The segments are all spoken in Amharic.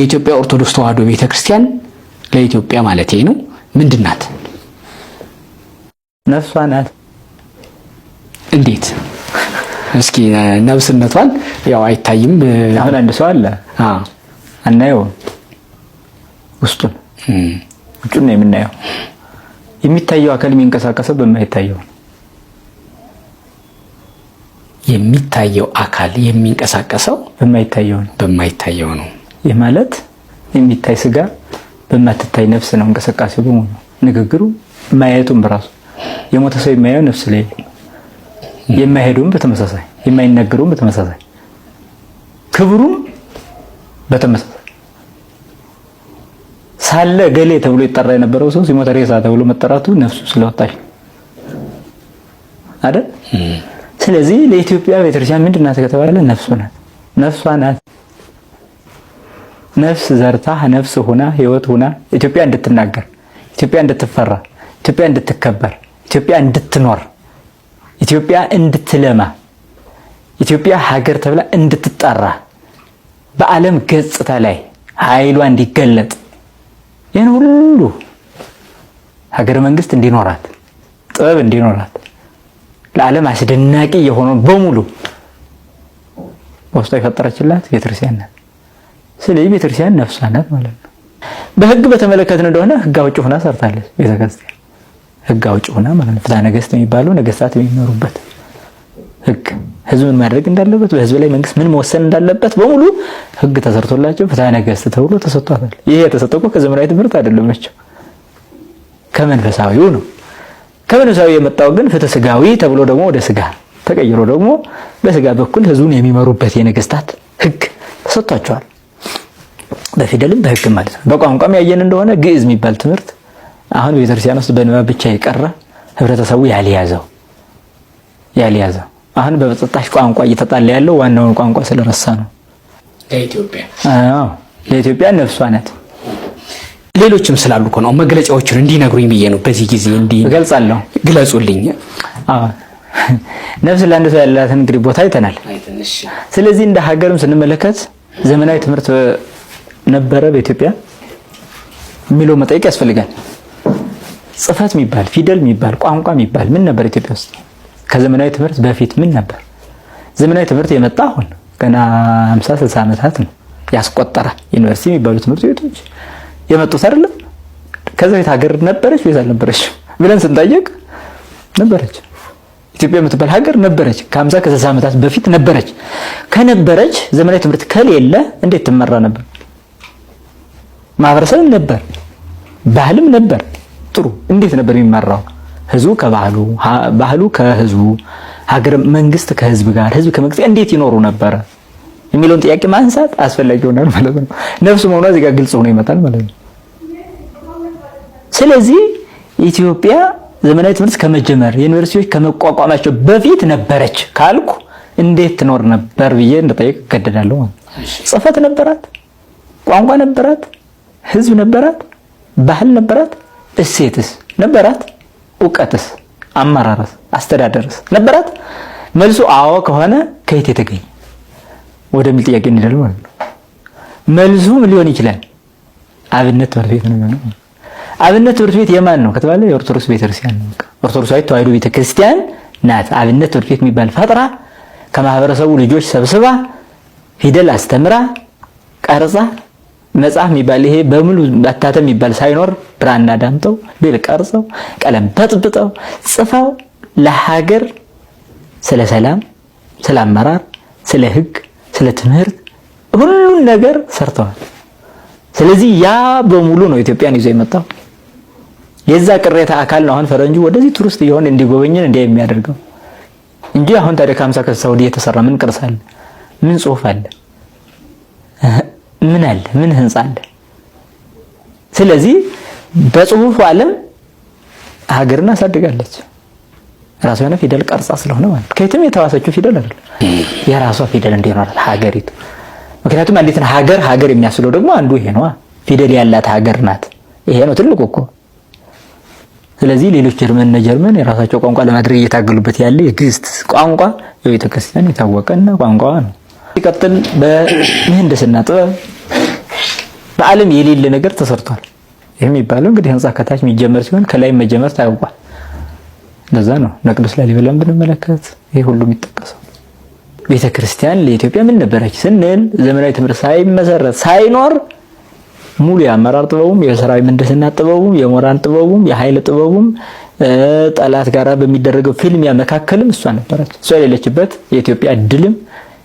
የኢትዮጵያ ኦርቶዶክስ ተዋህዶ ቤተ ክርስቲያን ለኢትዮጵያ ማለት ነው ምንድን ናት? ነፍሷ ናት። እንዴት? እስኪ ነፍስነቷን ያው አይታይም። አሁን አንድ ሰው አለ አናየው፣ ውስጡን ውጩን ነው የምናየው። የሚታየው አካል የሚንቀሳቀሰው በማይታየው የሚታየው አካል የሚንቀሳቀሰው በማይታየው ነው በማይታየው ነው ይህ ማለት የሚታይ ስጋ በማትታይ ነፍስ ነው። እንቅስቃሴ በሙሉ ንግግሩ፣ ማየቱም በራሱ የሞተ ሰው የማየው ነፍስ ላይ የማይሄዱም በተመሳሳይ የማይነገሩም በተመሳሳይ ክብሩም በተመሳሳይ ሳለ ገሌ ተብሎ ይጠራ የነበረው ሰው ሲሞተ ሬሳ ተብሎ መጠራቱ ነፍሱ ስለወጣች አይደል? ስለዚህ ለኢትዮጵያ ቤተክርስቲያን ምንድን ናት ከተባለ ነፍሱ ናት፣ ነፍሷ ናት። ነፍስ ዘርታ ነፍስ ሆና ህይወት ሆና ኢትዮጵያ እንድትናገር፣ ኢትዮጵያ እንድትፈራ፣ ኢትዮጵያ እንድትከበር፣ ኢትዮጵያ እንድትኖር፣ ኢትዮጵያ እንድትለማ፣ ኢትዮጵያ ሀገር ተብላ እንድትጠራ፣ በዓለም ገጽታ ላይ ኃይሏ እንዲገለጥ፣ ይህን ሁሉ ሀገረ መንግስት እንዲኖራት፣ ጥበብ እንዲኖራት፣ ለዓለም አስደናቂ የሆነውን በሙሉ በውስጧ የፈጠረችላት ቤተክርስቲያን ናት። ስለዚህ ቤተክርስቲያን ነፍሷ ናት ማለት ነው። በህግ በተመለከትን እንደሆነ ህግ አውጭ ሆና ሰርታለች ቤተክርስቲያን። ህግ አውጭ ሆና ማለት ነው። ፍትሐ ነገስት የሚባለው ነገስታት የሚመሩበት ህግ ህዝብ ምን ማድረግ እንዳለበት፣ በህዝብ ላይ መንግስት ምን መወሰን እንዳለበት በሙሉ ህግ ተሰርቶላቸው ፍትሐ ነገስት ተብሎ ተሰጥቷታል። ይሄ የተሰጠው ከዘመናዊ ትምህርት አይደለም ናቸው ከመንፈሳዊው ነው። ከመንፈሳዊ የመጣው ግን ፍትህ ስጋዊ ተብሎ ደግሞ ወደ ስጋ ተቀይሮ ደግሞ በስጋ በኩል ህዝቡን የሚመሩበት የነገስታት ህግ ተሰጥቷቸዋል። በፊደልም በህግም ማለት ነው። በቋንቋም ያየን እንደሆነ ግዕዝ የሚባል ትምህርት አሁን ቤተክርስቲያን ውስጥ በንባብ ብቻ የቀረ ህብረተሰቡ ያልያዘው ያልያዘው አሁን በበጸጣሽ ቋንቋ እየተጣላ ያለው ዋናውን ቋንቋ ስለረሳ ነው። ለኢትዮጵያ ነፍሷ ናት። ሌሎችም ስላሉ እኮ ነው መግለጫዎችን እንዲነግሩኝ ብዬ ነው። በዚህ ጊዜ እንዲህ እገልጻለሁ፣ ግለጹልኝ። ነፍስ ለአንድ ሰው ያላትን እንግዲህ ቦታ አይተናል። ስለዚህ እንደ ሀገርም ስንመለከት ዘመናዊ ትምህርት ነበረ በኢትዮጵያ የሚለው መጠየቅ ያስፈልጋል። ጽፈት የሚባል ፊደል የሚባል ቋንቋ የሚባል ምን ነበር ኢትዮጵያ ውስጥ ከዘመናዊ ትምህርት በፊት ምን ነበር? ዘመናዊ ትምህርት የመጣ አሁን ገና 50 60 ዓመታት ነው ያስቆጠረ። ዩኒቨርሲቲ የሚባሉ ትምህርት ቤቶች የመጡት አይደለም። ከዛ ቤት ሀገር ነበረች ወይስ ነበረች ብለን ስንጠየቅ ነበረች። ኢትዮጵያ የምትባል ሀገር ነበረች። ከ50 ከ60 ዓመታት በፊት ነበረች። ከነበረች ዘመናዊ ትምህርት ከሌለ እንዴት ትመራ ነበር? ማህበረሰብም ነበር፣ ባህልም ነበር። ጥሩ እንዴት ነበር የሚመራው? ህዝቡ ከባህሉ፣ ባህሉ ከህዝቡ፣ ሀገር መንግስት ከህዝብ ጋር፣ ህዝብ ከመንግስት እንዴት ይኖሩ ነበረ የሚለውን ጥያቄ ማንሳት አስፈላጊ ይሆናል ማለት ነው። ነፍስ መሆኗ እዚህ ጋር ግልጽ ሆኖ ይመጣል ማለት ነው። ስለዚህ ኢትዮጵያ ዘመናዊ ትምህርት ከመጀመር ዩኒቨርሲቲዎች ከመቋቋማቸው በፊት ነበረች ካልኩ እንዴት ትኖር ነበር ብዬ እንደጠየቅ እገደዳለሁ ማለት ነበራት፣ ቋንቋ ነበራት ህዝብ ነበራት፣ ባህል ነበራት፣ እሴትስ ነበራት፣ እውቀትስ፣ አመራረስ፣ አስተዳደርስ ነበራት? መልሱ አዎ ከሆነ ከየት የተገኘ ወደሚል ጥያቄ እንሄዳለን ማለት ነው። መልሱም ሊሆን ይችላል አብነት ትምህርት ቤት ነው አብነት ትምህርት ቤት የማን ነው ከተባለ የኦርቶዶክስ ቤተክርስቲያን ነው። ኦርቶዶክሳዊት ተዋሕዶ ቤተክርስቲያን ናት። አብነት ትምህርት ቤት የሚባል ፈጥራ ከማህበረሰቡ ልጆች ሰብስባ ፊደል አስተምራ ቀርጻ መጽሐፍ የሚባል ይሄ በሙሉ መታተም የሚባል ሳይኖር ብራና ዳምጠው ቤል ቀርጸው ቀለም በጥብጠው ጽፈው ለሀገር ስለ ሰላም፣ ስለ አመራር፣ ስለ ህግ፣ ስለ ትምህርት ሁሉን ነገር ሰርተዋል። ስለዚህ ያ በሙሉ ነው ኢትዮጵያን ይዞ የመጣው። የዛ ቅሬታ አካል ነው አሁን ፈረንጁ ወደዚህ ቱሪስት እየሆን እንዲጎበኝን እንዲያ የሚያደርገው እንጂ አሁን ታዲያ ከሀምሳ ከስልሳ የተሰራ ምን ቅርስ አለ? ምን ጽሁፍ አለ? ምን አለ? ምን ህንፃ አለ? ስለዚህ በጽሁፉ ዓለም ሀገርን አሳድጋለች። ራሷ የሆነ ፊደል ቀርጻ ስለሆነ ማለት ከየትም የተዋሰችው ፊደል አይደለም፣ የራሷ ፊደል እንዲኖራት ሀገሪቱ። ምክንያቱም አንዲት ሀገር ሀገር የሚያስለው ደግሞ አንዱ ይሄ ነዋ፣ ፊደል ያላት ሀገር ናት። ይሄ ነው ትልቁ እኮ። ስለዚህ ሌሎች ጀርመን እነ ጀርመን የራሳቸው ቋንቋ ለማድረግ እየታገሉበት ያለ የግዕዝ ቋንቋ የቤተክርስቲያን የታወቀና ቋንቋዋ ነው። ሲቀጥል በምህንድስና ጥበብ በዓለም የሌለ ነገር ተሰርቷል። ይህ የሚባለው እንግዲህ ህንፃ ከታች የሚጀመር ሲሆን ከላይ መጀመር ታውቋል። እንደዛ ነው። ነቅዱስ ላሊበላን ብንመለከት ይህ ሁሉ የሚጠቀሰው ቤተ ክርስቲያን ለኢትዮጵያ ምን ነበረች ስንል ዘመናዊ ትምህርት ሳይመሰረት ሳይኖር ሙሉ የአመራር ጥበቡም የሰራዊ ምህንድስና ጥበቡም የሞራል ጥበቡም የኃይል ጥበቡም ጠላት ጋር በሚደረገው ፊልሚያ መካከልም እሷ ነበረች። እሷ የሌለችበት የኢትዮጵያ ድልም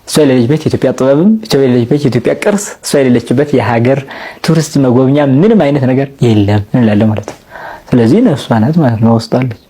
እሷ የሌለችበት የኢትዮጵያ ጥበብም እሷ የሌለችበት የኢትዮጵያ ቅርስ እሷ የሌለችበት የሀገር ቱሪስት መጎብኛ ምንም አይነት ነገር የለም እንላለን ማለት ነው። ስለዚህ ነፍሷ ናት ማለት ነው፣ ወስጣለች።